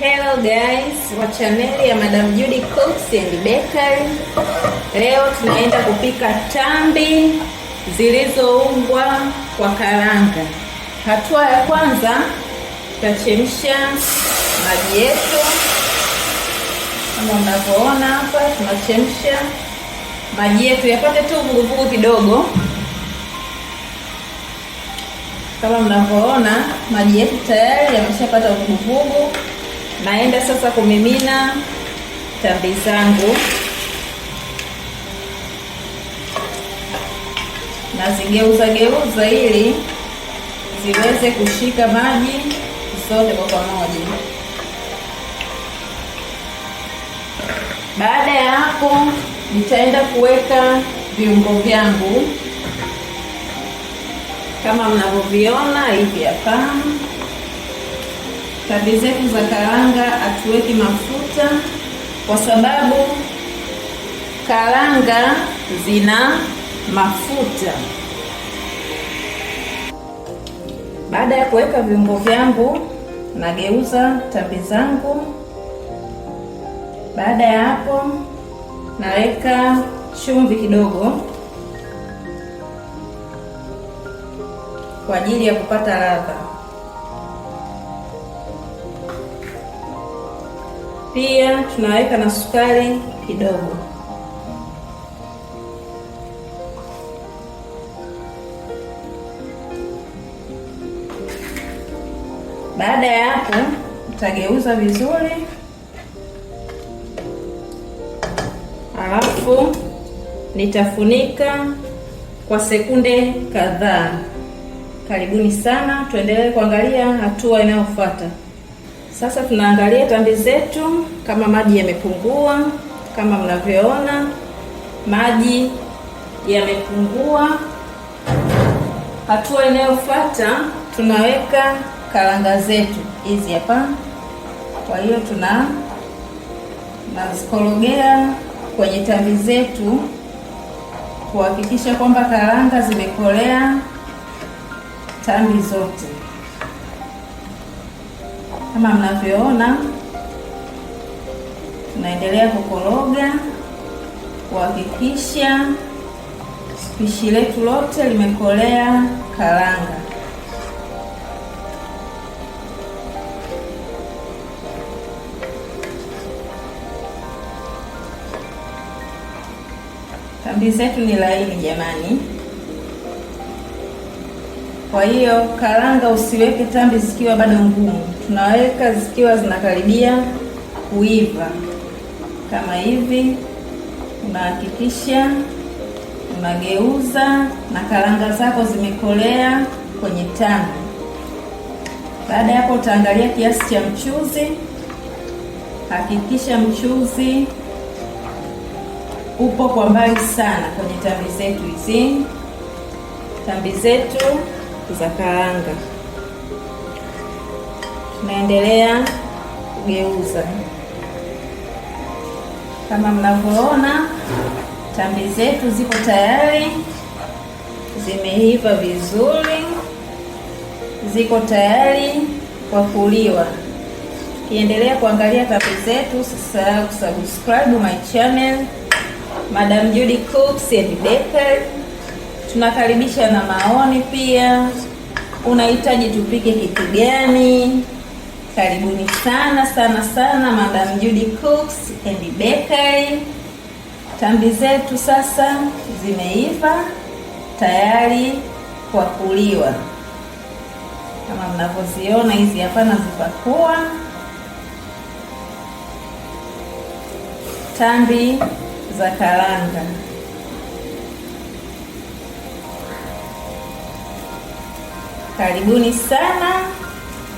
Hello guys, wa chaneli ya Madam Judy Cooks and Bakery. Leo tunaenda kupika tambi zilizoungwa kwa karanga. Hatua ya kwanza tutachemsha maji yetu. Kama unavyoona hapa tunachemsha maji yetu yapate tu vuguvugu kidogo. Kama mnavyoona maji yetu tayari yameshapata vuguvugu. Naenda sasa kumimina tambi zangu, nazigeuza geuza ili ziweze kushika maji zote kwa pamoja. Baada ya hapo, nitaenda kuweka viungo vyangu kama mnavyoviona hivi hapa tambi zetu za karanga hatuweki mafuta kwa sababu karanga zina mafuta. Baada ya kuweka viungo vyangu, nageuza tambi zangu. Baada ya hapo, naweka chumvi kidogo kwa ajili ya kupata ladha. Pia tunaweka na sukari kidogo. Baada ya hapo, tutageuza vizuri, alafu nitafunika kwa sekunde kadhaa. Karibuni sana, tuendelee kuangalia hatua inayofuata. Sasa tunaangalia tambi zetu kama maji yamepungua. Kama mnavyoona maji yamepungua. Hatua inayofuata tunaweka karanga zetu hizi hapa. Kwa hiyo tuna nazikorogea kwenye tambi zetu kuhakikisha kwamba karanga zimekolea tambi zote. Kama mnavyoona, tunaendelea kukoroga kuhakikisha spishi letu lote limekolea karanga. Tambi zetu ni laini jamani. Kwa hiyo karanga usiweke tambi zikiwa bado ngumu, tunaweka zikiwa zinakaribia kuiva kama hivi. Unahakikisha unageuza na karanga zako zimekolea kwenye tambi. Baada ya hapo, utaangalia kiasi cha mchuzi. Hakikisha mchuzi upo kwa mbali sana kwenye tambi zetu hizi. Tambi zetu za karanga. Tunaendelea kugeuza kama mnavyoona, tambi zetu ziko tayari, zimeiva vizuri, ziko tayari kwa kuliwa. Tukiendelea kuangalia tambi zetu, usisahau kusubscribe my channel Madam Judy Cooks and Bakery. Tunakaribisha na maoni pia. Unahitaji tupike kitu gani? Karibuni sana sana sana Madam Judy Cooks and Bakery. Tambi zetu sasa zimeiva tayari kwa kuliwa, kama mnavyoziona hizi hapa, nazipakua tambi za karanga. Karibuni sana.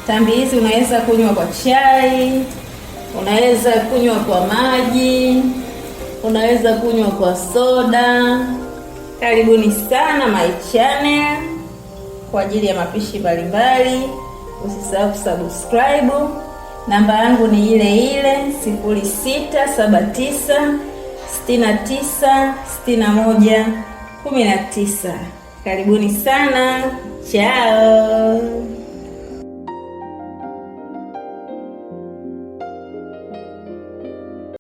Tambi hizi unaweza kunywa kwa chai, unaweza kunywa kwa maji, unaweza kunywa kwa soda. Karibuni sana my channel kwa ajili ya mapishi mbalimbali. Usisahau kusubscribe. Namba yangu ni ile ile 0679 69 61 tisa Karibuni sana. Chao.